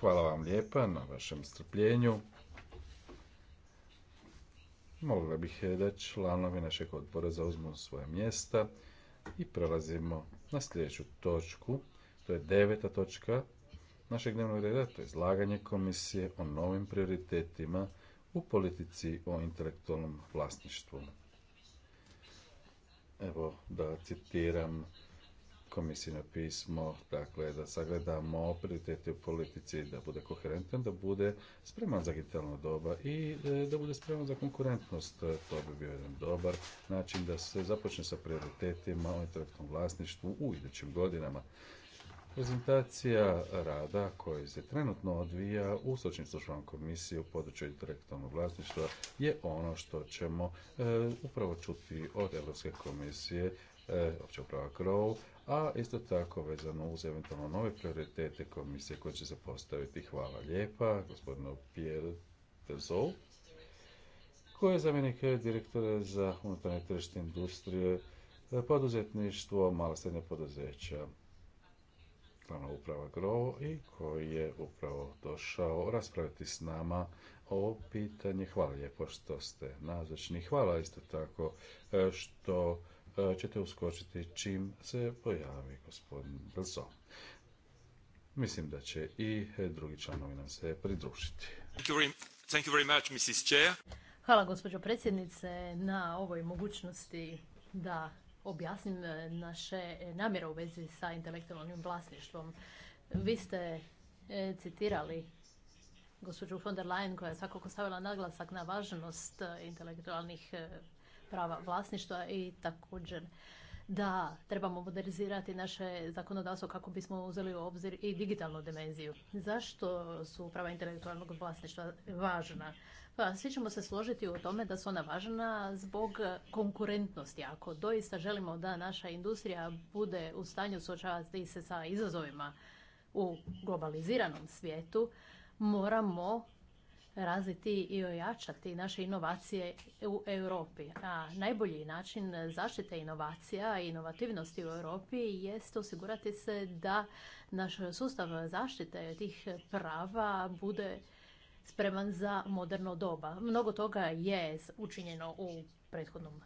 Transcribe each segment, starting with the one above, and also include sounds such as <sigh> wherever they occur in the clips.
Hvala vam lijepa na vašem strpljenju. Molila bih da članovi našeg odbora zauzmu svoje mjesta i prelazimo na sljedeću točku. To je deveta točka našeg dnevnog reda, to je izlaganje komisije o novim prioritetima u politici o intelektualnom vlasništvu. Evo da citiram na pismo, dakle da sagledamo prioritete u politici, da bude koherentan, da bude spreman za digitalno doba i e, da bude spreman za konkurentnost. To bi bio jedan dobar način da se započne sa prioritetima o intelektualnom vlasništvu u idućim godinama. Prezentacija rada koji se trenutno odvija u Sočnim službama komisije u području intelektualnog vlasništva je ono što ćemo e, upravo čuti od Europske komisije e, opće uprava KROV a isto tako vezano uz eventualno nove prioritete komisije koje će se postaviti. Hvala lijepa gospodinu Pierre Dezol, koji je zamjenik direktora za unutarnje tržište industrije, poduzetništvo, mala srednja poduzeća, glavna uprava GRO i koji je upravo došao raspraviti s nama ovo pitanje. Hvala lijepo što ste nazočni. Hvala isto tako što E, ćete uskočiti čim se pojavi gospodin Brzo. Mislim da će i drugi članovi nam se pridružiti. Hvala gospođo predsjednice na ovoj mogućnosti da objasnim e, naše namjere u vezi sa intelektualnim vlasništvom. Vi ste e, citirali gospođu von der Leyen koja je svakako stavila naglasak na važnost intelektualnih prava vlasništva i također da trebamo modernizirati naše zakonodavstvo kako bismo uzeli u obzir i digitalnu dimenziju. Zašto su prava intelektualnog vlasništva važna? Pa svi ćemo se složiti u tome da su ona važna zbog konkurentnosti. Ako doista želimo da naša industrija bude u stanju suočavati se sa izazovima u globaliziranom svijetu, moramo razviti i ojačati naše inovacije u Europi. A najbolji način zaštite inovacija i inovativnosti u Europi jest osigurati se da naš sustav zaštite tih prava bude spreman za moderno doba. Mnogo toga je učinjeno u prethodnom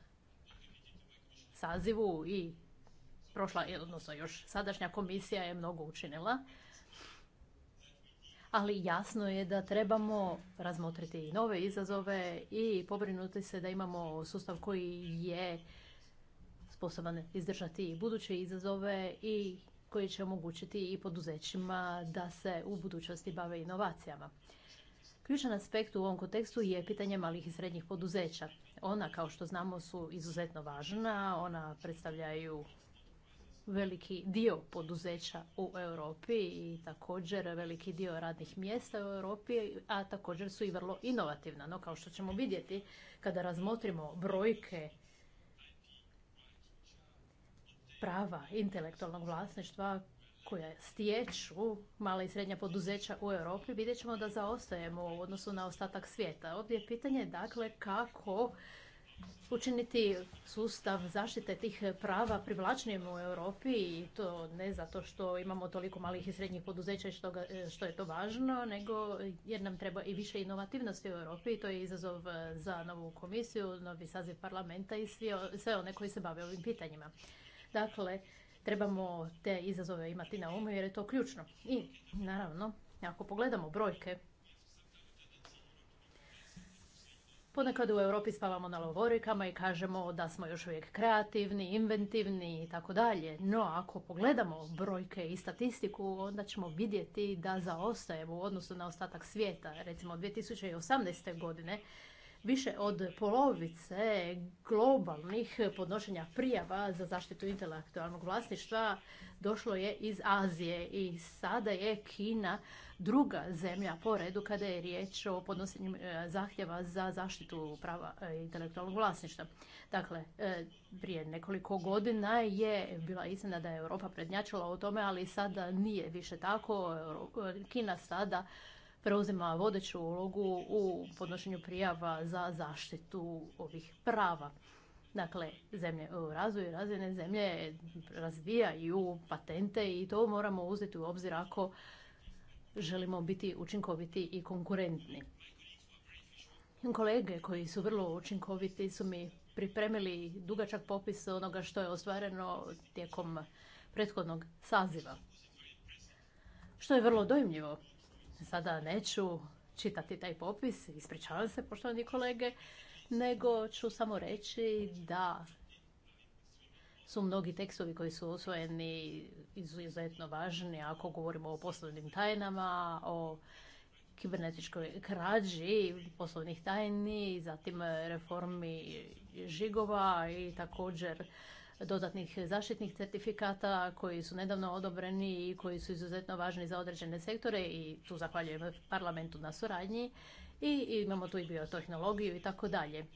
sazivu i prošla, odnosno još sadašnja komisija je mnogo učinila ali jasno je da trebamo razmotriti i nove izazove i pobrinuti se da imamo sustav koji je sposoban izdržati i buduće izazove i koji će omogućiti i poduzećima da se u budućnosti bave inovacijama. Ključan aspekt u ovom kontekstu je pitanje malih i srednjih poduzeća. Ona, kao što znamo, su izuzetno važna, ona predstavljaju veliki dio poduzeća u Europi i također veliki dio radnih mjesta u Europi, a također su i vrlo inovativna. No kao što ćemo vidjeti kada razmotrimo brojke prava intelektualnog vlasništva koja stječu mala i srednja poduzeća u Europi, vidjet ćemo da zaostajemo u odnosu na ostatak svijeta. Ovdje je pitanje dakle kako učiniti sustav zaštite tih prava privlačnijim u Europi i to ne zato što imamo toliko malih i srednjih poduzeća i što, je to važno, nego jer nam treba i više inovativnosti u Europi i to je izazov e, za novu komisiju, novi saziv parlamenta i sve one koji se bave ovim pitanjima. Dakle, trebamo te izazove imati na umu jer je to ključno. I naravno, ako pogledamo brojke, Ponekad u Europi spavamo na lovorikama i kažemo da smo još uvijek kreativni, inventivni i tako dalje. No, ako pogledamo brojke i statistiku, onda ćemo vidjeti da zaostajemo u odnosu na ostatak svijeta. Recimo, 2018. godine više od polovice globalnih podnošenja prijava za zaštitu intelektualnog vlasništva došlo je iz Azije i sada je Kina druga zemlja po redu kada je riječ o podnosenju e, zahtjeva za zaštitu prava e, intelektualnog vlasništva. Dakle, e, prije nekoliko godina je bila istina da je Europa prednjačila o tome, ali sada nije više tako. Kina sada preuzima vodeću ulogu u podnošenju prijava za zaštitu ovih prava. Dakle, zemlje u razvoju razvijene zemlje razvijaju patente i to moramo uzeti u obzir ako želimo biti učinkoviti i konkurentni. Kolege koji su vrlo učinkoviti su mi pripremili dugačak popis onoga što je ostvareno tijekom prethodnog saziva. Što je vrlo dojmljivo. Sada neću čitati taj popis, ispričavam se poštovani kolege, nego ću samo reći da su mnogi tekstovi koji su osvojeni izuzetno važni ako govorimo o poslovnim tajnama, o kibernetičkoj krađi poslovnih tajni, zatim reformi žigova i također dodatnih zaštitnih certifikata koji su nedavno odobreni i koji su izuzetno važni za određene sektore i tu zahvaljujem parlamentu na suradnji i imamo tu i biotehnologiju i tako dalje.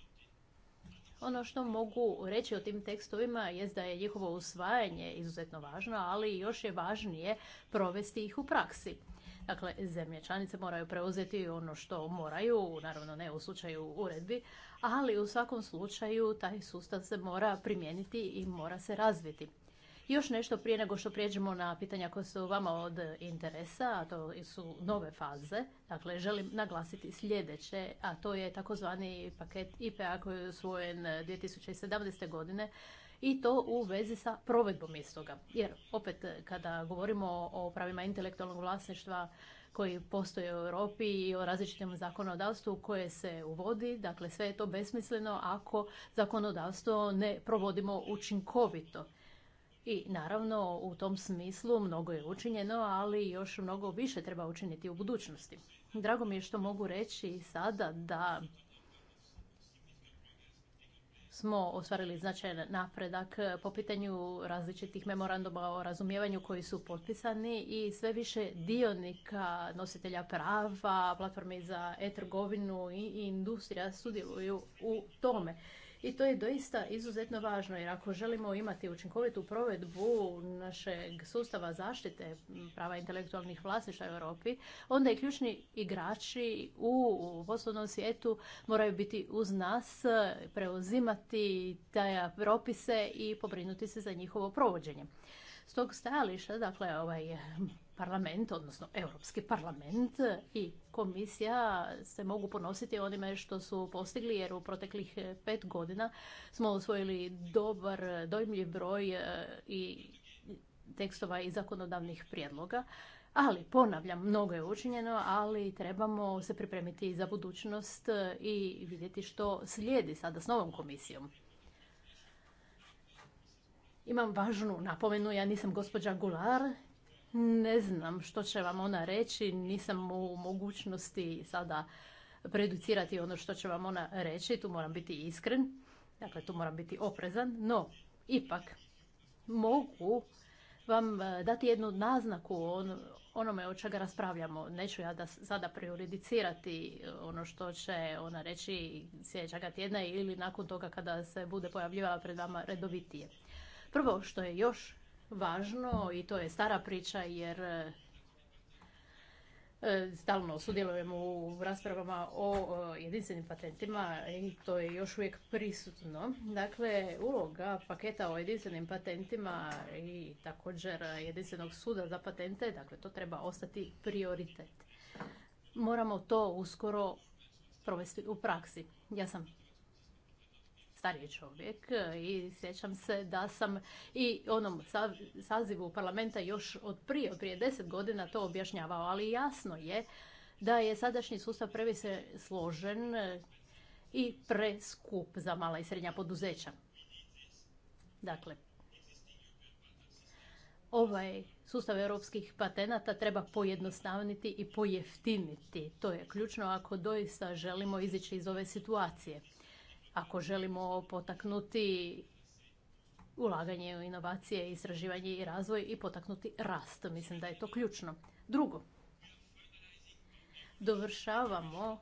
Ono što mogu reći o tim tekstovima je da je njihovo usvajanje izuzetno važno, ali još je važnije provesti ih u praksi. Dakle, zemlje članice moraju preuzeti ono što moraju, naravno ne u slučaju uredbi, ali u svakom slučaju taj sustav se mora primijeniti i mora se razviti. Još nešto prije nego što prijeđemo na pitanja koja su vama od interesa, a to su nove faze. Dakle, želim naglasiti sljedeće, a to je takozvani paket IPA koji je usvojen 2017. godine i to u vezi sa provedbom istoga. Jer opet kada govorimo o pravima intelektualnog vlasništva koji postoje u Europi i o različitom zakonodavstvu koje se uvodi, dakle sve je to besmisleno ako zakonodavstvo ne provodimo učinkovito. I naravno u tom smislu mnogo je učinjeno, ali još mnogo više treba učiniti u budućnosti. Drago mi je što mogu reći sada da smo ostvarili značajan napredak po pitanju različitih memoranduma o razumijevanju koji su potpisani i sve više dionika, nositelja prava, platforme za e-trgovinu i industrija sudjeluju u tome. I to je doista izuzetno važno jer ako želimo imati učinkovitu provedbu našeg sustava zaštite prava intelektualnih vlasništva u Europi, onda i ključni igrači u poslovnom svijetu moraju biti uz nas, preuzimati te propise i pobrinuti se za njihovo provođenje. S tog stajališta, dakle, ovaj parlament, odnosno Europski parlament i komisija se mogu ponositi onime što su postigli jer u proteklih pet godina smo osvojili dobar, dojmljiv broj e, i tekstova i zakonodavnih prijedloga. Ali, ponavljam, mnogo je učinjeno, ali trebamo se pripremiti za budućnost e, i vidjeti što slijedi sada s novom komisijom. Imam važnu napomenu, ja nisam gospođa Gular, ne znam što će vam ona reći, nisam u mogućnosti sada preducirati ono što će vam ona reći, tu moram biti iskren, dakle tu moram biti oprezan, no ipak mogu vam e, dati jednu naznaku onome o čega raspravljamo. Neću ja sada prioridicirati e, ono što će ona reći sljedećega tjedna ili nakon toga kada se bude pojavljivala pred vama redovitije. Prvo što je još važno i to je stara priča jer e, e, stalno sudjelujemo u raspravama o jedinstvenim patentima i to je još uvijek prisutno. Dakle, uloga paketa o jedinstvenim patentima i također jedinstvenog suda za patente, dakle, to treba ostati prioritet. Moramo to uskoro provesti u praksi. Ja sam stariji čovjek e, i sjećam se da sam i onom sazivu parlamenta još od prije, prije deset godina to objašnjavao, ali jasno je da je sadašnji sustav previše složen e, i preskup za mala i srednja poduzeća. Dakle, ovaj sustav europskih patenata treba pojednostavniti i pojeftiniti. To je ključno ako doista želimo izići iz ove situacije. Ako želimo potaknuti ulaganje u inovacije, istraživanje i razvoj i potaknuti rast, mislim da je to ključno. Drugo, dovršavamo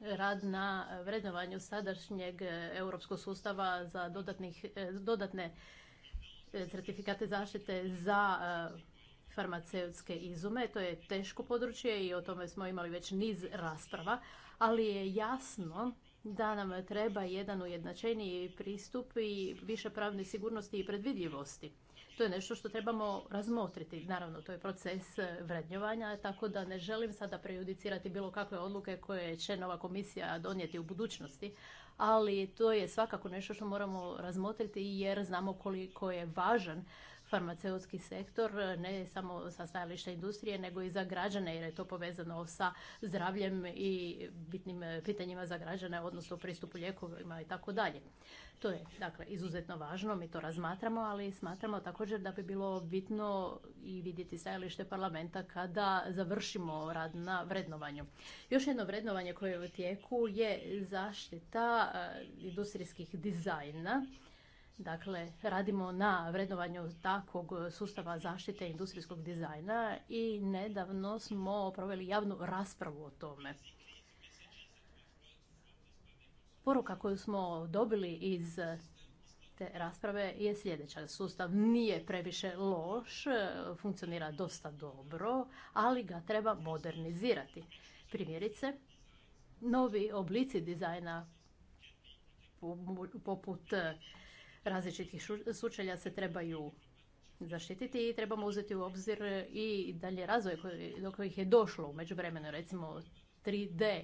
rad na vrednovanju sadašnjeg europskog sustava za dodatnih, e, dodatne e, certifikate zaštite za e, farmaceutske izume. To je teško područje i o tome smo imali već niz rasprava, ali je jasno da nam treba jedan ujednačeniji pristup i više pravne sigurnosti i predvidljivosti. To je nešto što trebamo razmotriti. Naravno, to je proces vrednjovanja, tako da ne želim sada prejudicirati bilo kakve odluke koje će nova komisija donijeti u budućnosti, ali to je svakako nešto što moramo razmotriti jer znamo koliko je važan farmaceutski sektor, ne samo sa stajališta industrije, nego i za građane, jer je to povezano sa zdravljem i bitnim e, pitanjima za građane, odnosno pristupu lijekovima i tako dalje. To je dakle izuzetno važno, mi to razmatramo, ali smatramo također da bi bilo bitno i vidjeti stajalište parlamenta kada završimo rad na vrednovanju. Još jedno vrednovanje koje je u tijeku je zaštita e, industrijskih dizajna Dakle, radimo na vrednovanju takvog sustava zaštite industrijskog dizajna i nedavno smo proveli javnu raspravu o tome. Poruka koju smo dobili iz te rasprave je sljedeća. Sustav nije previše loš, funkcionira dosta dobro, ali ga treba modernizirati. Primjerice, novi oblici dizajna poput različitih sučelja se trebaju zaštititi i trebamo uzeti u obzir i dalje razvoj do kojih je došlo u međuvremenu, recimo 3D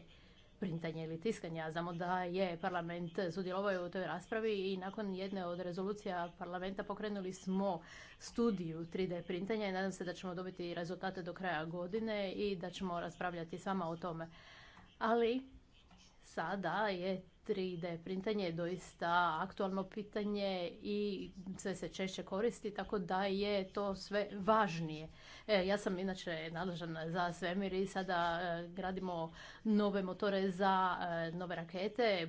printanje ili tiskanje. Ja znamo da je parlament sudjelovao u toj raspravi i nakon jedne od rezolucija parlamenta pokrenuli smo studiju 3D printanja i nadam se da ćemo dobiti rezultate do kraja godine i da ćemo raspravljati vama o tome. Ali sada je 3D printanje doista aktualno pitanje i sve se češće koristi, tako da je to sve važnije. E, ja sam inače nadležan za svemir i sada e, gradimo nove motore za e, nove rakete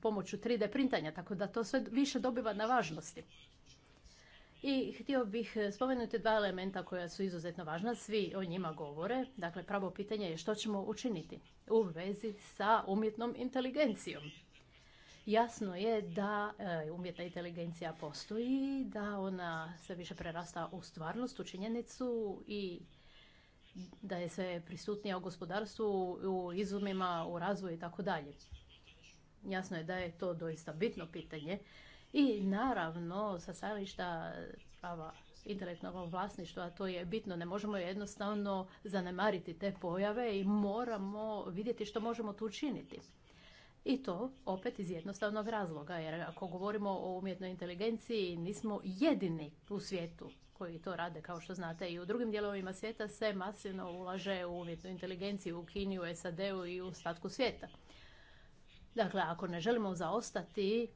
pomoću 3D printanja, tako da to sve više dobiva na važnosti. I htio bih e, spomenuti dva elementa koja su izuzetno važna, svi o njima govore. Dakle, pravo pitanje je što ćemo učiniti u vezi sa umjetnom inteligencijom. Jasno je da e, umjetna inteligencija postoji, da ona sve više prerasta u stvarnost, u činjenicu i da je sve prisutnija u gospodarstvu, u izumima, u razvoju i tako dalje. Jasno je da je to doista bitno pitanje i naravno, sa stajališta prava intelektualnog vlasništva, to je bitno, ne možemo jednostavno zanemariti te pojave i moramo vidjeti što možemo tu učiniti. I to opet iz jednostavnog razloga, jer ako govorimo o umjetnoj inteligenciji, nismo jedini u svijetu koji to rade, kao što znate. I u drugim dijelovima svijeta se masivno ulaže u umjetnu inteligenciju u Kini, u SAD-u i u statku svijeta. Dakle, ako ne želimo zaostati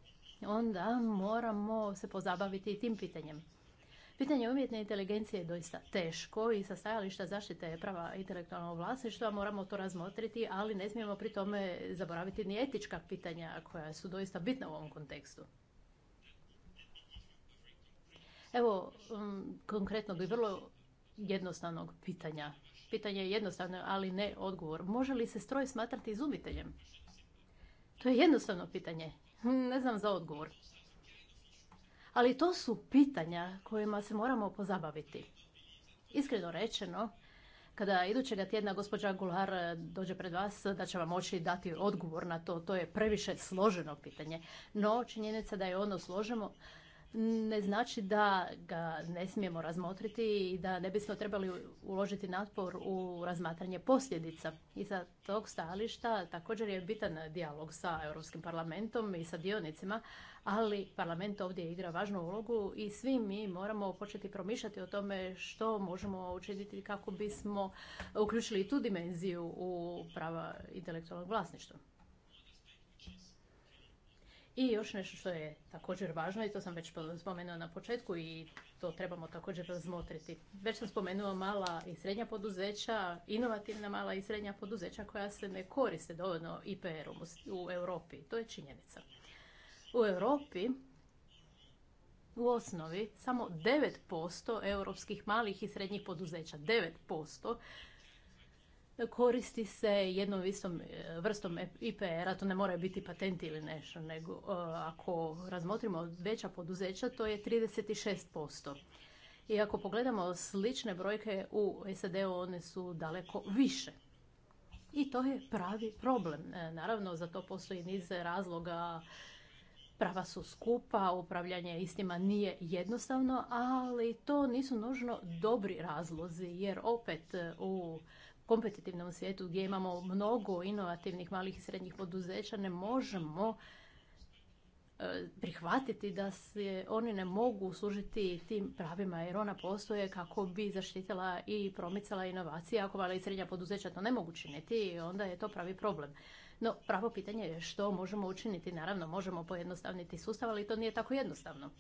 onda moramo se pozabaviti i tim pitanjem. Pitanje umjetne inteligencije je doista teško i sa stajališta zaštite prava intelektualnog vlasništva moramo to razmotriti, ali ne smijemo pri tome zaboraviti ni etička pitanja koja su doista bitna u ovom kontekstu. Evo um, konkretno konkretnog i vrlo jednostavnog pitanja. Pitanje je jednostavno, ali ne odgovor. Može li se stroj smatrati izumiteljem? To je jednostavno pitanje. Ne znam za odgovor. Ali to su pitanja kojima se moramo pozabaviti. Iskreno rečeno, kada idućega tjedna gospođa Gulhar dođe pred vas, da će vam moći dati odgovor na to. To je previše složeno pitanje. No, činjenica da je ono složeno, ne znači da ga ne smijemo razmotriti i da ne bismo trebali uložiti napor u razmatranje posljedica. I sa tog stajališta također je bitan dijalog sa Europskim parlamentom i sa dionicima, ali parlament ovdje igra važnu ulogu i svi mi moramo početi promišljati o tome što možemo učiniti kako bismo uključili i tu dimenziju u prava intelektualnog vlasništva. I još nešto što je također važno, i to sam već spomenuo na početku i to trebamo također razmotriti. Već sam spomenuo mala i srednja poduzeća, inovativna mala i srednja poduzeća koja se ne koriste dovoljno IPR-om u Europi. To je činjenica. U Europi u osnovi samo 9% europskih malih i srednjih poduzeća, 9% koristi se jednom istom e, vrstom IPR-a, to ne moraju biti patenti ili nešto, nego e, ako razmotrimo veća poduzeća, to je 36%. I ako pogledamo slične brojke u SAD-u, one su daleko više. I to je pravi problem. E, naravno, za to postoji niz razloga. Prava su skupa, upravljanje istima nije jednostavno, ali to nisu nužno dobri razlozi, jer opet u kompetitivnom svijetu gdje imamo mnogo inovativnih malih i srednjih poduzeća ne možemo e, prihvatiti da se oni ne mogu služiti tim pravima jer ona postoje kako bi zaštitila i promicala inovacije. Ako mala i srednja poduzeća to ne mogu činiti, onda je to pravi problem. No, pravo pitanje je što možemo učiniti. Naravno, možemo pojednostavniti sustav, ali to nije tako jednostavno.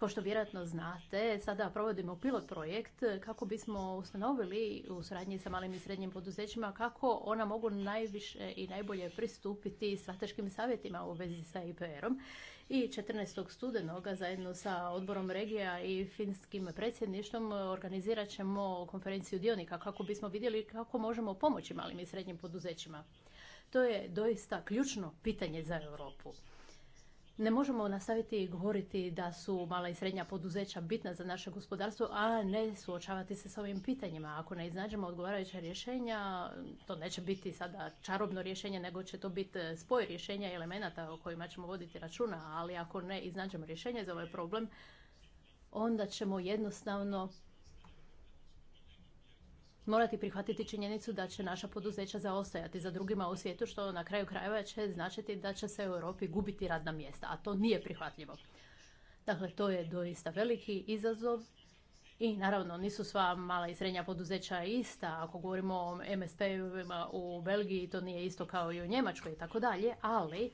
Kao što vjerojatno znate, sada provodimo pilot projekt kako bismo ustanovili u suradnji sa malim i srednjim poduzećima kako ona mogu najviše i najbolje pristupiti strateškim savjetima u vezi sa IPR-om. I 14. studenoga zajedno sa odborom regija i finskim predsjedništvom organizirat ćemo konferenciju dionika kako bismo vidjeli kako možemo pomoći malim i srednjim poduzećima. To je doista ključno pitanje za Europu. Ne možemo nastaviti govoriti da su mala i srednja poduzeća bitna za naše gospodarstvo, a ne suočavati se s ovim pitanjima. Ako ne iznađemo odgovarajuća rješenja, to neće biti sada čarobno rješenje, nego će to biti spoj rješenja i elemenata o kojima ćemo voditi računa, ali ako ne iznađemo rješenje za ovaj problem, onda ćemo jednostavno morati prihvatiti činjenicu da će naša poduzeća zaostajati za drugima u svijetu, što na kraju krajeva će značiti da će se u Europi gubiti radna mjesta, a to nije prihvatljivo. Dakle, to je doista veliki izazov i naravno nisu sva mala i srednja poduzeća ista. Ako govorimo o MSP-ovima u Belgiji, to nije isto kao i u Njemačkoj i tako dalje, ali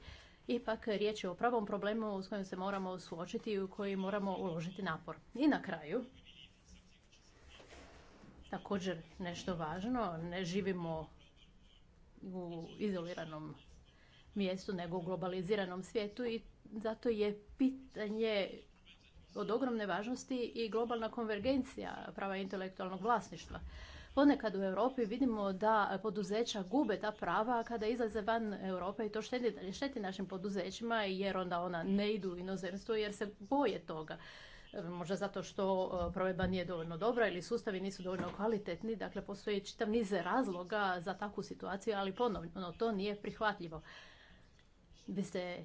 ipak riječ je o pravom problemu s kojim se moramo suočiti i u koji moramo uložiti napor. I na kraju, također nešto važno. Ne živimo u izoliranom mjestu, nego u globaliziranom svijetu i zato je pitanje od ogromne važnosti i globalna konvergencija prava intelektualnog vlasništva. Ponekad u Europi vidimo da poduzeća gube ta prava kada izlaze van Europe i to šteti, šteti našim poduzećima jer onda ona ne idu u inozemstvo jer se boje toga možda zato što e, provedba nije dovoljno dobra ili sustavi nisu dovoljno kvalitetni. Dakle, postoji čitav niz razloga za takvu situaciju, ali ponovno to nije prihvatljivo. Vi ste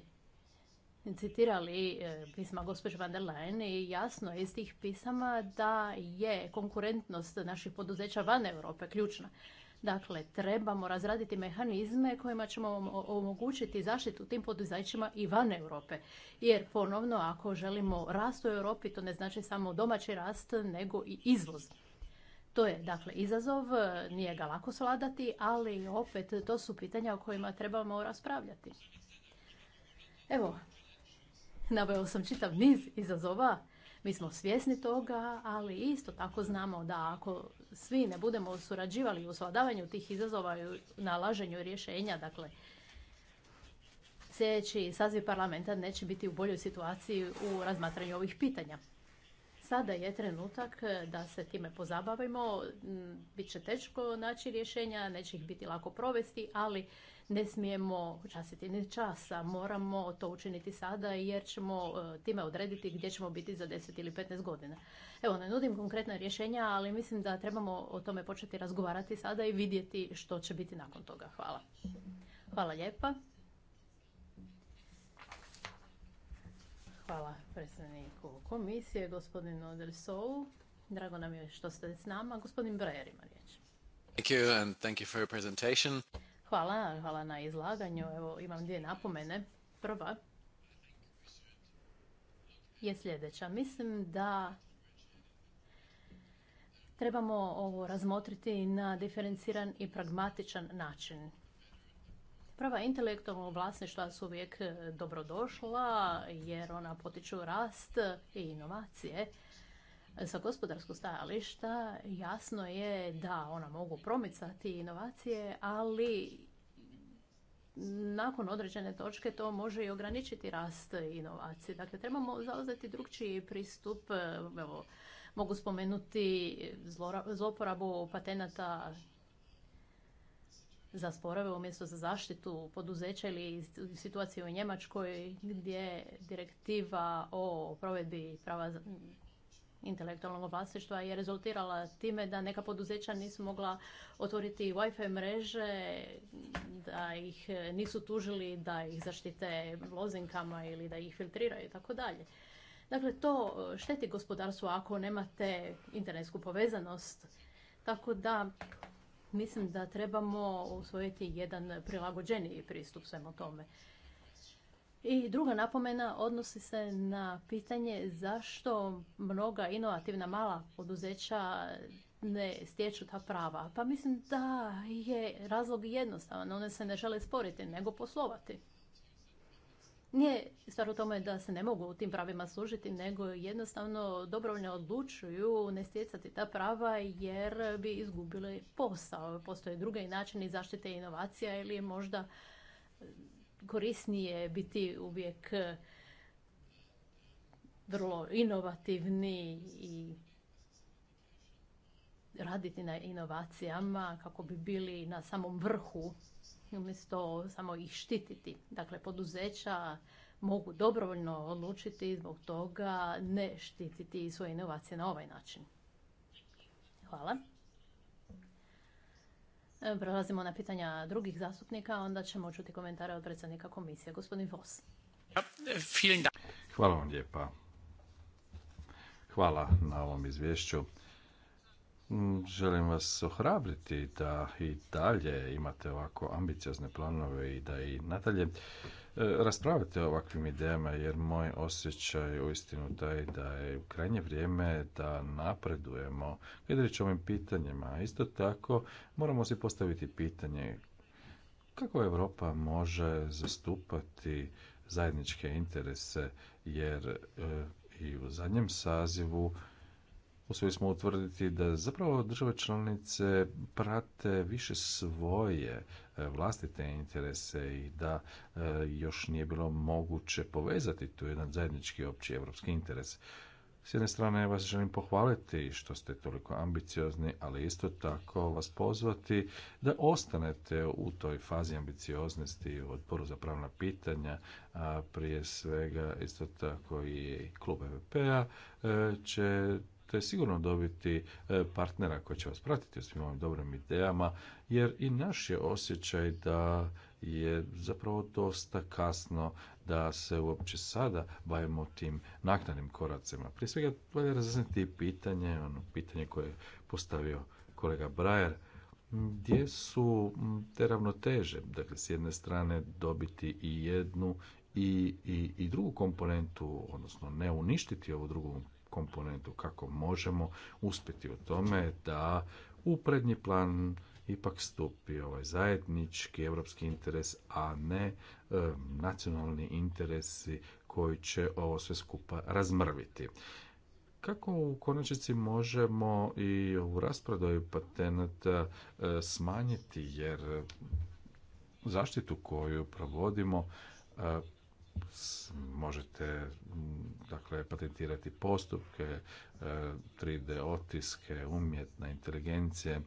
citirali e, pisma gospođe van der Leyen i jasno je iz tih pisama da je konkurentnost naših poduzeća van Europe ključna. Dakle, trebamo razraditi mehanizme kojima ćemo omogućiti zaštitu tim poduzećima i van Europe. Jer ponovno, ako želimo rast u Europi, to ne znači samo domaći rast, nego i izvoz. To je, dakle, izazov, nije ga lako sladati, ali opet to su pitanja o kojima trebamo raspravljati. Evo, naveo sam čitav niz izazova mi smo svjesni toga, ali isto tako znamo da ako svi ne budemo surađivali u svladavanju tih izazova i nalaženju rješenja, dakle, sljedeći saziv parlamenta neće biti u boljoj situaciji u razmatranju ovih pitanja. Sada je trenutak da se time pozabavimo. Biće teško naći rješenja, neće ih biti lako provesti, ali ne smijemo časiti ni časa. Moramo to učiniti sada jer ćemo e, time odrediti gdje ćemo biti za 10 ili 15 godina. Evo, ne nudim konkretna rješenja, ali mislim da trebamo o tome početi razgovarati sada i vidjeti što će biti nakon toga. Hvala. Hvala lijepa. Hvala predstavniku komisije, gospodinu sou Drago nam je što ste s nama. Gospodin Brajer ima riječ. Thank you and thank you for presentation. Hvala, hvala na izlaganju. Evo, imam dvije napomene. Prva je sljedeća. Mislim da trebamo ovo razmotriti na diferenciran i pragmatičan način. Prava intelektualnog vlasništva su uvijek dobrodošla jer ona potiču rast i inovacije, sa gospodarskog stajališta jasno je da ona mogu promicati inovacije, ali nakon određene točke to može i ograničiti rast inovacije. Dakle, trebamo zauzeti drugčiji pristup. Evo, mogu spomenuti zloporabu patenata za sporove umjesto za zaštitu poduzeća ili situaciju u Njemačkoj gdje direktiva o provedbi prava intelektualnog vlasništva je rezultirala time da neka poduzeća nisu mogla otvoriti Wi-Fi mreže, da ih nisu tužili, da ih zaštite lozinkama ili da ih filtriraju i tako dalje. Dakle, to šteti gospodarstvu ako nemate internetsku povezanost. Tako da mislim da trebamo usvojiti jedan prilagođeniji pristup svemu tome. I druga napomena odnosi se na pitanje zašto mnoga inovativna mala poduzeća ne stječu ta prava. Pa mislim da je razlog jednostavan, one se ne žele sporiti, nego poslovati. Nije stvar u tome da se ne mogu u tim pravima služiti, nego jednostavno dobrovoljno odlučuju ne stjecati ta prava jer bi izgubili posao. Postoje druge načini zaštite inovacija ili možda korisnije biti uvijek eh, vrlo inovativni i raditi na inovacijama kako bi bili na samom vrhu umjesto samo ih štititi. Dakle, poduzeća mogu dobrovoljno odlučiti zbog toga ne štititi svoje inovacije na ovaj način. Hvala. E, prelazimo na pitanja drugih zastupnika, onda ćemo čuti komentare od predsjednika komisije. Gospodin Vos. Hvala vam lijepa. Hvala na ovom izvješću. Mm, želim vas ohrabriti da i dalje imate ovako ambiciozne planove i da i nadalje e, raspravljate o ovakvim idejama jer moj osjećaj uistinu taj da je u krajnje vrijeme da napredujemo kad ovim pitanjima. Isto tako moramo si postaviti pitanje kako Europa može zastupati zajedničke interese jer e, i u zadnjem sazivu uspjeli smo utvrditi da zapravo države članice prate više svoje e, vlastite interese i da e, još nije bilo moguće povezati tu jedan zajednički opći europski interes. S jedne strane vas želim pohvaliti što ste toliko ambiciozni, ali isto tako vas pozvati da ostanete u toj fazi ambicioznosti u odboru za pravna pitanja, a prije svega isto tako i klub EVP-a e, će je sigurno dobiti e, partnera koji će vas pratiti u svim ovim dobrim idejama, jer i naš je osjećaj da je zapravo dosta kasno da se uopće sada bavimo tim naknadnim koracima. Prije svega valja razjasniti pitanje, ono pitanje koje je postavio kolega Brajer, gdje su te ravnoteže, dakle s jedne strane dobiti i jednu i, i, i drugu komponentu, odnosno ne uništiti ovu drugu komponentu kako možemo uspjeti u tome da u prednji plan ipak stupi ovaj zajednički europski interes, a ne e, nacionalni interesi koji će ovo sve skupa razmrviti. Kako u konačnici možemo i u rasprodaju patenata e, smanjiti, jer zaštitu koju provodimo e, možete mm, dakle patentirati postupke 3D e, otiske umjetne inteligencije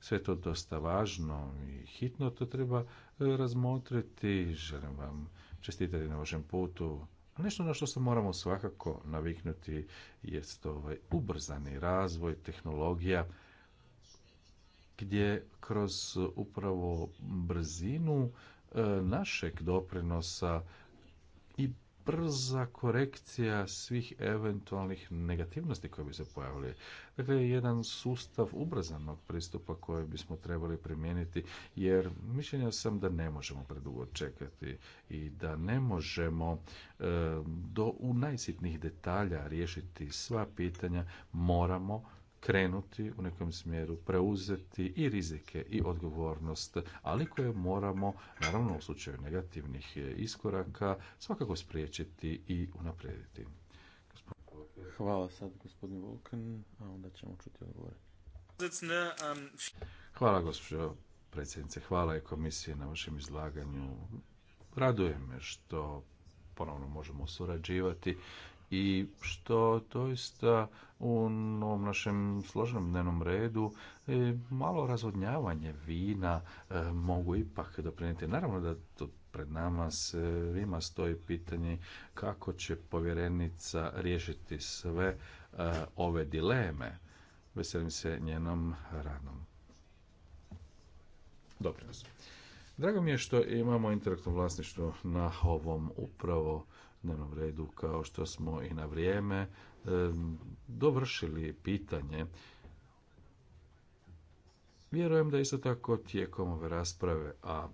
sve to dosta važno i hitno to treba e, razmotriti želim vam čestitati na vašem putu Nešto na što se moramo svakako naviknuti jest ovaj ubrzani razvoj tehnologija gdje kroz upravo brzinu e, našeg doprinosa i brza korekcija svih eventualnih negativnosti koje bi se pojavili. Dakle, jedan sustav ubrzanog pristupa koji bismo trebali primijeniti, jer mišljenja sam da ne možemo predugo čekati i da ne možemo e, do u najsitnijih detalja riješiti sva pitanja, moramo krenuti u nekom smjeru, preuzeti i rizike i odgovornost, ali koje moramo, naravno u slučaju negativnih e, iskoraka, svakako spriječiti i unaprijediti. Hvala sad gospodin Vulkan, a onda ćemo čuti odgovore. Hvala gospođo predsjednice, hvala i na vašem izlaganju. Raduje me što ponovno možemo surađivati i što doista u ovom našem složenom dnevnom redu e, malo razvodnjavanje vina e, mogu ipak doprinijeti. Naravno da to pred nama svima stoji pitanje kako će povjerenica riješiti sve e, ove dileme. Veselim se njenom radnom doprinosu. Drago mi je što imamo interaktno vlasništvo na ovom upravo dnevnom redu kao što smo i na vrijeme e, dovršili pitanje. Vjerujem da isto tako tijekom ove rasprave, a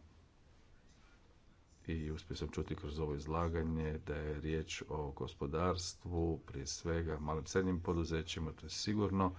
i uspio sam čuti kroz ovo izlaganje da je riječ o gospodarstvu, prije svega malim srednjim poduzećima, to je sigurno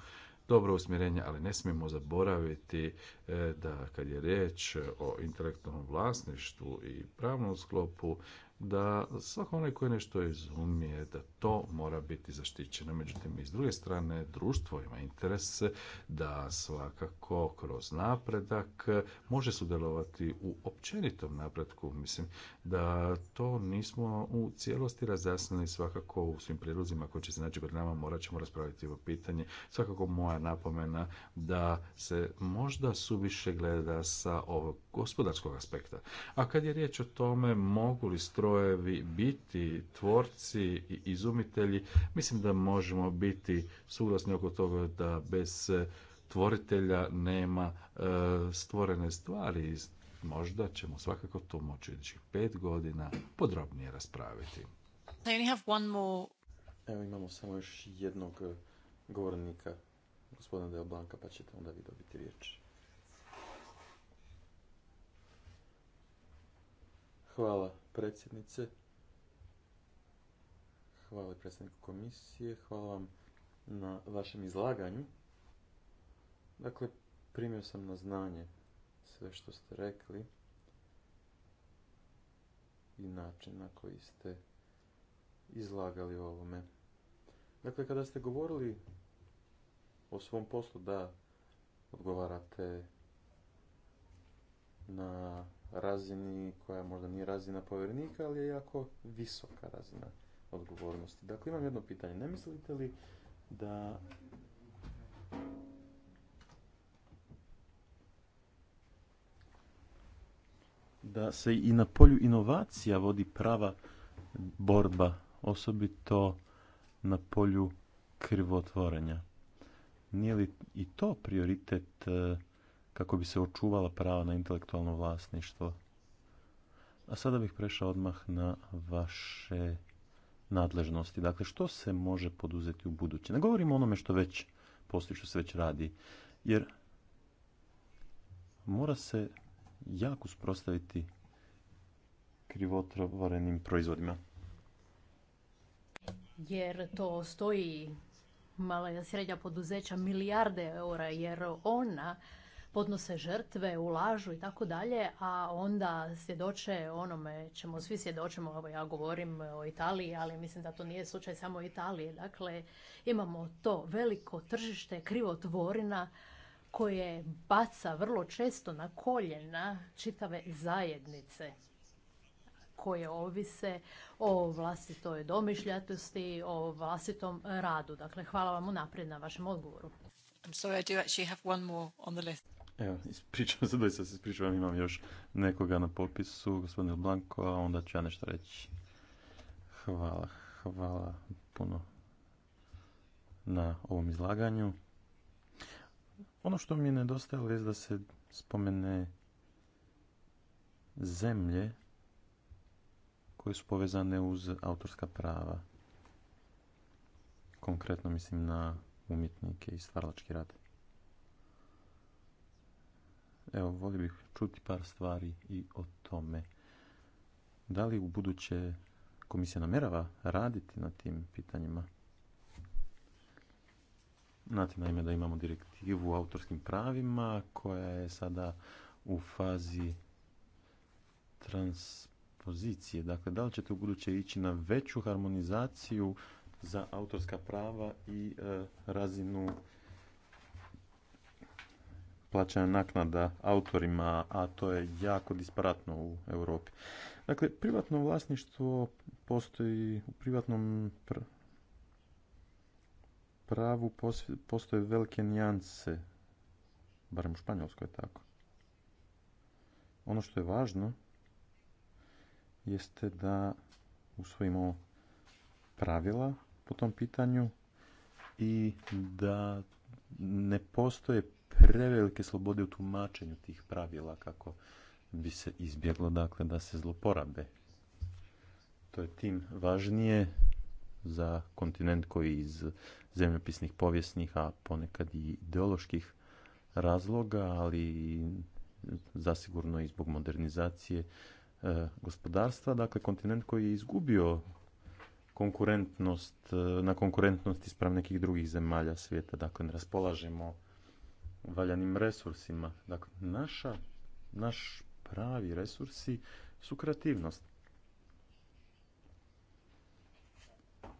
dobro usmjerenje, ali ne smijemo zaboraviti e, da kad je riječ o intelektualnom vlasništvu i pravnom sklopu, da svako onaj koji nešto izumije, da to mora biti zaštićeno. Međutim, iz druge strane, društvo ima interese da svakako kroz napredak može sudjelovati u općenitom napretku. Mislim da to nismo u cijelosti razjasnili svakako u svim prijedlozima koji će se naći pred nama morat ćemo raspraviti ovo pitanje. Svakako moja napomena da se možda suviše gleda sa ovog gospodarskog aspekta. A kad je riječ o tome mogu li stroj biti tvorci i izumitelji, mislim da možemo biti suglasni oko toga da bez e, tvoritelja nema e, stvorene stvari. Možda ćemo svakako to moći ići pet godina podrobnije raspraviti. Evo imamo samo još jednog e, govornika, gospodina Del Blanka, pa ćete onda vi dobiti riječ. Hvala predsjednice. Hvala predsjedniku komisije, hvala vam na vašem izlaganju. Dakle, primio sam na znanje sve što ste rekli i način na koji ste izlagali ovome. Dakle, kada ste govorili o svom poslu, da odgovarate na razini koja možda nije razina povjerenika, ali je jako visoka razina odgovornosti. Dakle, imam jedno pitanje. Ne mislite li da da se i na polju inovacija vodi prava borba, osobito na polju krivotvorenja. Nije li i to prioritet e, kako bi se očuvala prava na intelektualno vlasništvo. A sada bih prešao odmah na vaše nadležnosti. Dakle, što se može poduzeti u buduće? Ne govorimo o onome što već postoji, što se već radi. Jer mora se jako sprostaviti krivotvorenim proizvodima. Jer to stoji mala i srednja poduzeća milijarde eura, jer ona podnose žrtve, ulažu i tako dalje, a onda svjedoče onome čemu svi svjedočimo, evo ja govorim o Italiji, ali mislim da to nije slučaj samo Italije. Dakle, imamo to veliko tržište krivotvorina koje baca vrlo često na koljena čitave zajednice koje ovise o vlastitoj domišljatosti, o vlastitom radu. Dakle, hvala vam unaprijed na vašem odgovoru. I'm I do actually have one more on the list. Evo, ispričavam se, doista se ispričavam, imam još nekoga na popisu, gospodin Blanko, a onda ću ja nešto reći. Hvala, hvala puno na ovom izlaganju. Ono što mi je nedostajalo je da se spomene zemlje koje su povezane uz autorska prava. Konkretno mislim na umjetnike i stvaralački rad. Evo, volio bih čuti par stvari i o tome. Da li u buduće komisija namjerava raditi na tim pitanjima? Znate naime da imamo direktivu o autorskim pravima koja je sada u fazi transpozicije. Dakle, da li ćete u buduće ići na veću harmonizaciju za autorska prava i e, razinu plaćanja naknada autorima, a to je jako disparatno u Europi. Dakle, privatno vlasništvo postoji u privatnom pravu postoje velike nijanse, barem u Španjolskoj je tako. Ono što je važno jeste da usvojimo pravila po tom pitanju i da ne postoje prevelike slobode u tumačenju tih pravila kako bi se izbjeglo dakle da se zloporabe. To je tim važnije za kontinent koji iz zemljopisnih, povijesnih, a ponekad i ideoloških razloga, ali zasigurno i zbog modernizacije e, gospodarstva. Dakle, kontinent koji je izgubio konkurentnost, e, na konkurentnost isprav nekih drugih zemalja svijeta. Dakle, ne raspolažemo valjanim resursima. Dakle, naša, naš pravi resursi su kreativnost.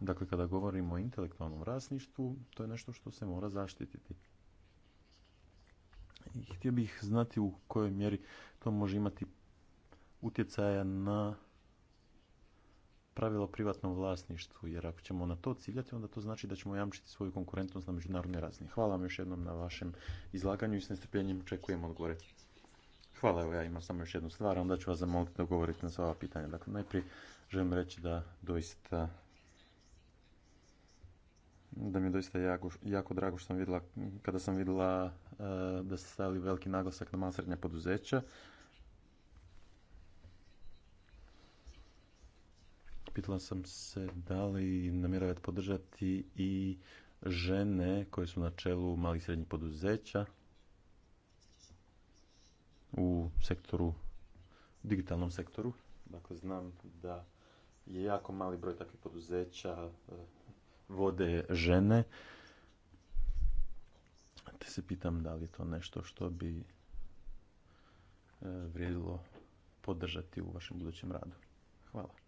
Dakle, kada govorimo o intelektualnom vlasništvu, to je nešto što se mora zaštititi. I htio bih znati u kojoj mjeri to može imati utjecaja na pravilo privatnom vlasništvu, jer ako ćemo na to ciljati, onda to znači da ćemo jamčiti svoju konkurentnost na međunarodnoj razini. Hvala vam još jednom na vašem izlaganju i s nestrpljenjem očekujem odgovore. Hvala, evo ja imam samo još jednu stvar, onda ću vas zamoliti da govorite na sva ova pitanja. Dakle, najprije želim reći da doista da mi je doista jako, drago što sam vidjela, kada sam vidjela eh, da ste stavili veliki naglasak na malo poduzeća. pitala sam se da li namjeravate podržati i žene koje su na čelu malih i srednjih poduzeća u sektoru, digitalnom sektoru. Dakle, znam da je jako mali broj takvih poduzeća e, vode žene. Te se pitam da li je to nešto što bi e, vrijedilo podržati u vašem budućem radu. Hvala.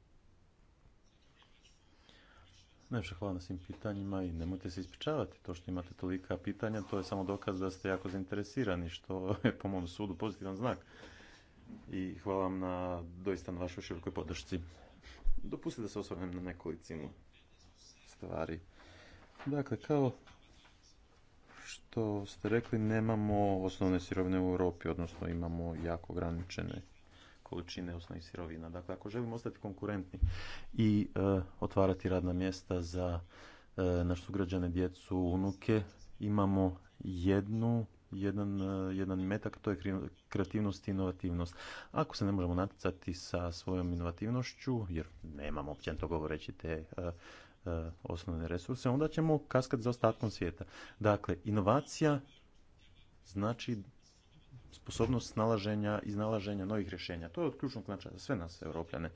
Najviše hvala na svim pitanjima i nemojte se ispričavati to što imate tolika pitanja, to je samo dokaz da ste jako zainteresirani, što je po mom sudu pozitivan znak. I hvala vam na doista na vašoj širokoj podršci. Dopustite da se osvrnem na nekolicinu stvari. Dakle, kao što ste rekli, nemamo osnovne sirovine u Europi, odnosno imamo jako ograničene količine osnovnih sirovina. Dakle, ako želimo ostati konkurentni i e, otvarati radna mjesta za e, naše sugrađane, djecu, unuke, imamo jednu jedan, e, jedan metak, to je kreativnost i inovativnost. Ako se ne možemo natjecati sa svojom inovativnošću, jer nemamo općenito govoreći te e, osnovne resurse, onda ćemo kaskati za ostatkom svijeta. Dakle, inovacija znači sposobnost snalaženja i iznalaženja novih rješenja. To je od ključnog značaja za sve nas europljane.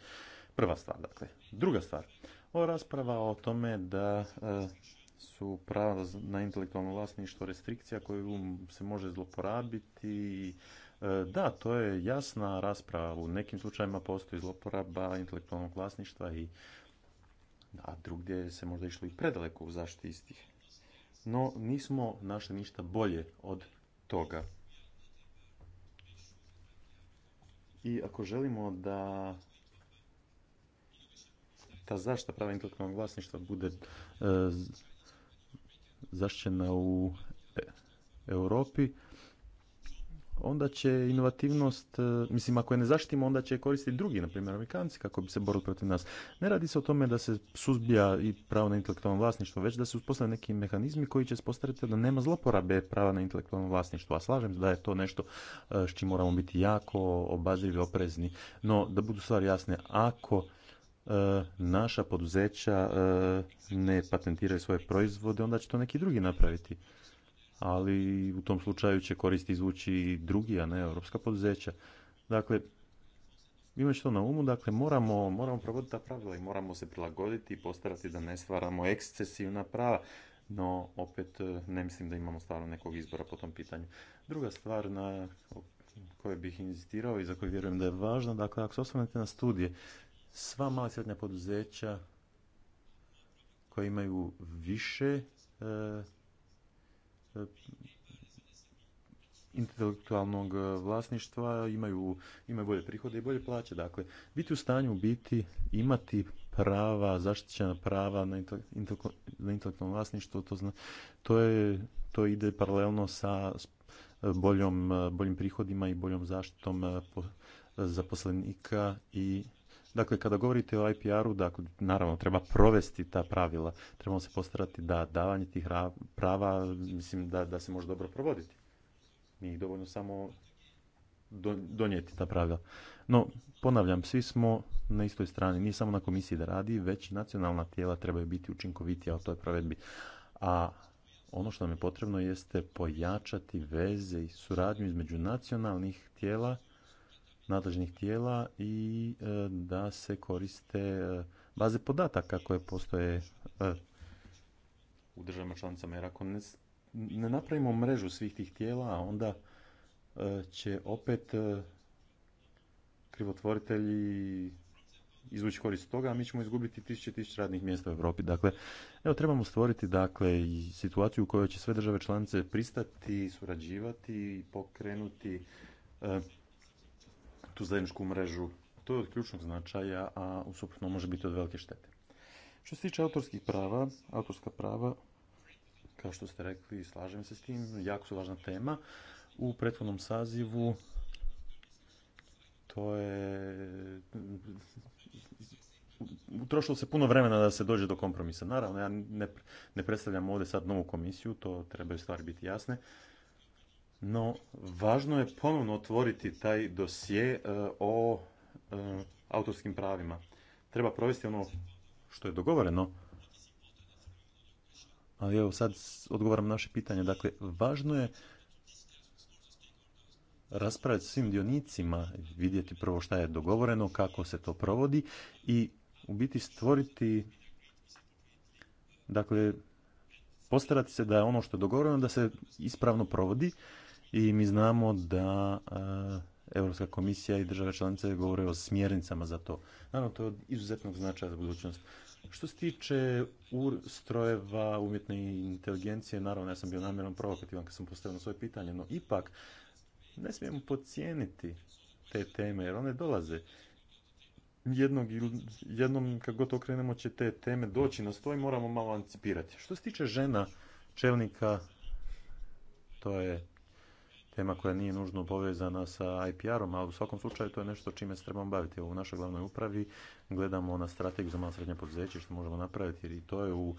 Prva stvar, dakle. Druga stvar, ova rasprava o tome da e, su prava na intelektualno vlasništvo restrikcija koju se može zloporabiti. E, da, to je jasna rasprava. U nekim slučajima postoji zloporaba intelektualnog vlasništva i a drugdje se možda išlo i predaleko u zaštiti istih. No, nismo našli ništa bolje od toga. I ako želimo da ta zaštita prava intelektualnog vlasništva bude e, zaštićena u e- Europi, onda će inovativnost, e, mislim ako je ne zaštitimo, onda će koristiti drugi, na primjer Amerikanci, kako bi se borili protiv nas. Ne radi se o tome da se suzbija i pravo na intelektualno vlasništvo, već da se uspostave neki mehanizmi koji će spostaviti da nema zloporabe prava na intelektualno vlasništvo. A slažem se da je to nešto e, s čim moramo biti jako obazrivi, oprezni. No, da budu stvari jasne, ako e, naša poduzeća ne patentiraju svoje proizvode, onda će to neki drugi napraviti ali u tom slučaju će koristi izvući i drugi, a ne europska poduzeća. Dakle, imajući to na umu, dakle, moramo, moramo provoditi ta pravila i moramo se prilagoditi i postarati da ne stvaramo ekscesivna prava. No, opet, eh, ne mislim da imamo stvarno nekog izbora po tom pitanju. Druga stvar na koje bih inzistirao i za koju vjerujem da je važna, dakle, ako se osvrnete na studije, sva mala srednja poduzeća koja imaju više eh, intelektualnog e, vlasništva imaju, imaju bolje prihode i bolje plaće. Dakle, biti u stanju biti, imati prava, zaštićena prava na, intelektualno vlasništvo, to, zna, to, je, to ide paralelno sa e, boljom, e, boljim prihodima i boljom zaštitom zaposlenika i Dakle, kada govorite o IPR-u, dakle, naravno, treba provesti ta pravila. Trebamo se postarati da davanje tih prava, mislim, da, da se može dobro provoditi. Nije dovoljno samo donijeti ta pravila. No, ponavljam, svi smo na istoj strani. Nije samo na komisiji da radi, već nacionalna tijela trebaju biti učinkovitija u toj provedbi. A ono što nam je potrebno jeste pojačati veze i suradnju između nacionalnih tijela, nadležnih tijela i e, da se koriste e, baze podataka koje postoje e, u državama članicama. Jer ako ne, napravimo mrežu svih tih tijela, onda e, će opet krivotvoritelji izvući korist toga, a mi ćemo izgubiti tisuće tisuće radnih mjesta u Europi. Dakle, evo trebamo stvoriti dakle situaciju u kojoj će sve države članice pristati, surađivati i pokrenuti tu zajedničku mrežu to je od ključnog značaja, a usupno može biti od velike štete. Što se tiče autorskih prava, autorska prava, kao što ste rekli, slažem se s tim, jako su važna tema. U prethodnom sazivu to je utrošilo se puno vremena da se dođe do kompromisa. Naravno, ja ne, ne predstavljam ovdje sad novu komisiju, to trebaju stvari biti jasne. No, važno je ponovno otvoriti taj dosje e, o E, autorskim pravima. Treba provesti ono što je dogovoreno. Ali evo sad odgovaram na naše pitanje. Dakle, važno je raspraviti s svim dionicima, vidjeti prvo šta je dogovoreno, kako se to provodi i u biti stvoriti dakle postarati se da je ono što je dogovoreno da se ispravno provodi i mi znamo da e, Europska komisija i države članice govore o smjernicama za to. Naravno, to je od izuzetnog značaja za budućnost. Što se tiče strojeva umjetne inteligencije, naravno, ja sam bio namjerno provokativan kad sam postavio na svoje pitanje, no ipak ne smijemo pocijeniti te teme, jer one dolaze. Jednog, jednom, kad god okrenemo, će te teme doći na stoj, moramo malo anticipirati. Što se tiče žena, čelnika, to je tema koja nije nužno povezana sa IPR-om, ali u svakom slučaju to je nešto čime se trebamo baviti. U našoj glavnoj upravi gledamo na strategiju za malo srednje poduzeće što možemo napraviti jer i to je u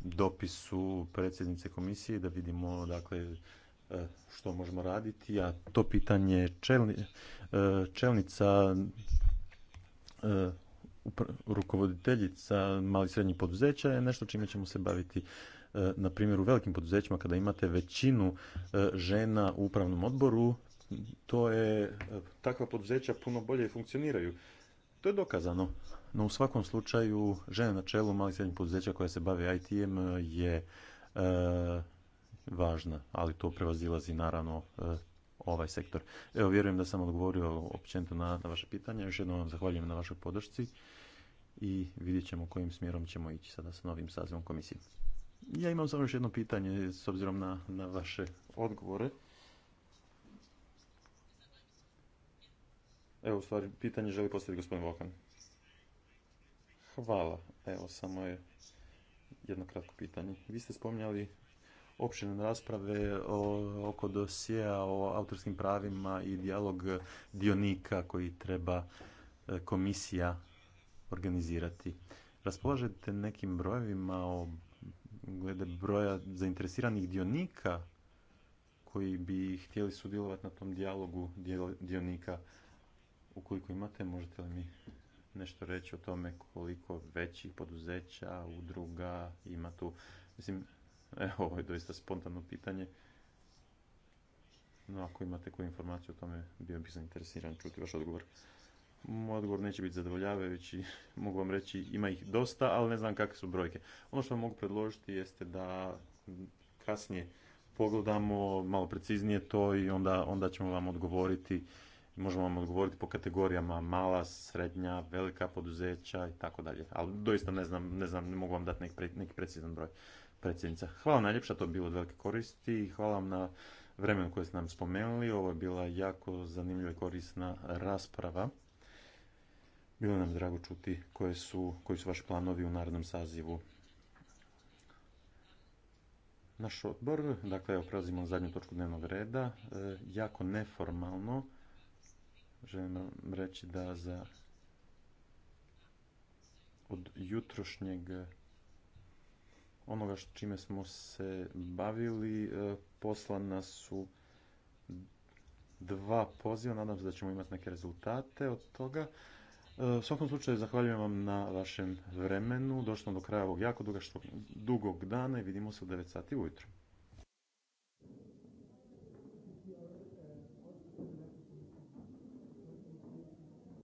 dopisu predsjednice komisije da vidimo dakle e, što možemo raditi, a to pitanje e, čelnica e, rukovoditeljica malih srednjih poduzeća je nešto čime ćemo se baviti E, na primjer u velikim poduzećima kada imate većinu e, žena u upravnom odboru, to je, e, takva poduzeća puno bolje funkcioniraju. To je dokazano. No u svakom slučaju žena na čelu malih srednjih poduzeća koja se bave ITM je važna, ali to prevazilazi naravno ovaj sektor. Evo, vjerujem da sam odgovorio općenito na, na vaše pitanje. Još jednom vam zahvaljujem na vašoj podršci i vidjet ćemo kojim smjerom ćemo ići sada sa novim sazivom komisije. Ja imam samo još jedno pitanje s obzirom na, na vaše odgovore. Evo, u stvari, pitanje želi postaviti gospodin Vokan. Hvala. Evo, samo je jedno kratko pitanje. Vi ste spominjali opširne rasprave oko dosjea o autorskim pravima i dijalog dionika koji treba e, komisija organizirati. Raspolažete nekim brojevima o glede broja zainteresiranih dionika koji bi htjeli sudjelovati na tom dijalogu dionika. Ukoliko imate, možete li mi nešto reći o tome koliko većih poduzeća, udruga ima tu? Mislim, evo, ovo je doista spontano pitanje. No, ako imate koju informaciju o tome, bio bih zainteresiran čuti vaš odgovor. Moj odgovor neće biti zadovoljavajući, <laughs> mogu vam reći ima ih dosta, ali ne znam kakve su brojke. Ono što vam mogu predložiti jeste da kasnije pogledamo malo preciznije to i onda, onda ćemo vam odgovoriti, možemo vam odgovoriti po kategorijama mala, srednja, velika poduzeća i tako dalje. Ali doista ne znam, ne znam, ne mogu vam dati neki, neki precizan broj predsjednica. Hvala najljepša, to je bilo od velike koristi i hvala vam na vremenu koje ste nam spomenuli. Ovo je bila jako zanimljiva i korisna rasprava. Bilo nam drago čuti koje su, koji su vaši planovi u narodnom sazivu. Naš odbor, dakle, evo prelazimo na zadnju točku dnevnog reda, e, jako neformalno, želim reći da za od jutrošnjeg onoga čime smo se bavili, e, poslana su dva poziva, nadam se da ćemo imati neke rezultate od toga. E, u svakom slučaju zahvaljujem vam na vašem vremenu. Došli smo do kraja ovog jako dugog, dugog dana i vidimo se u 9 sati ujutro.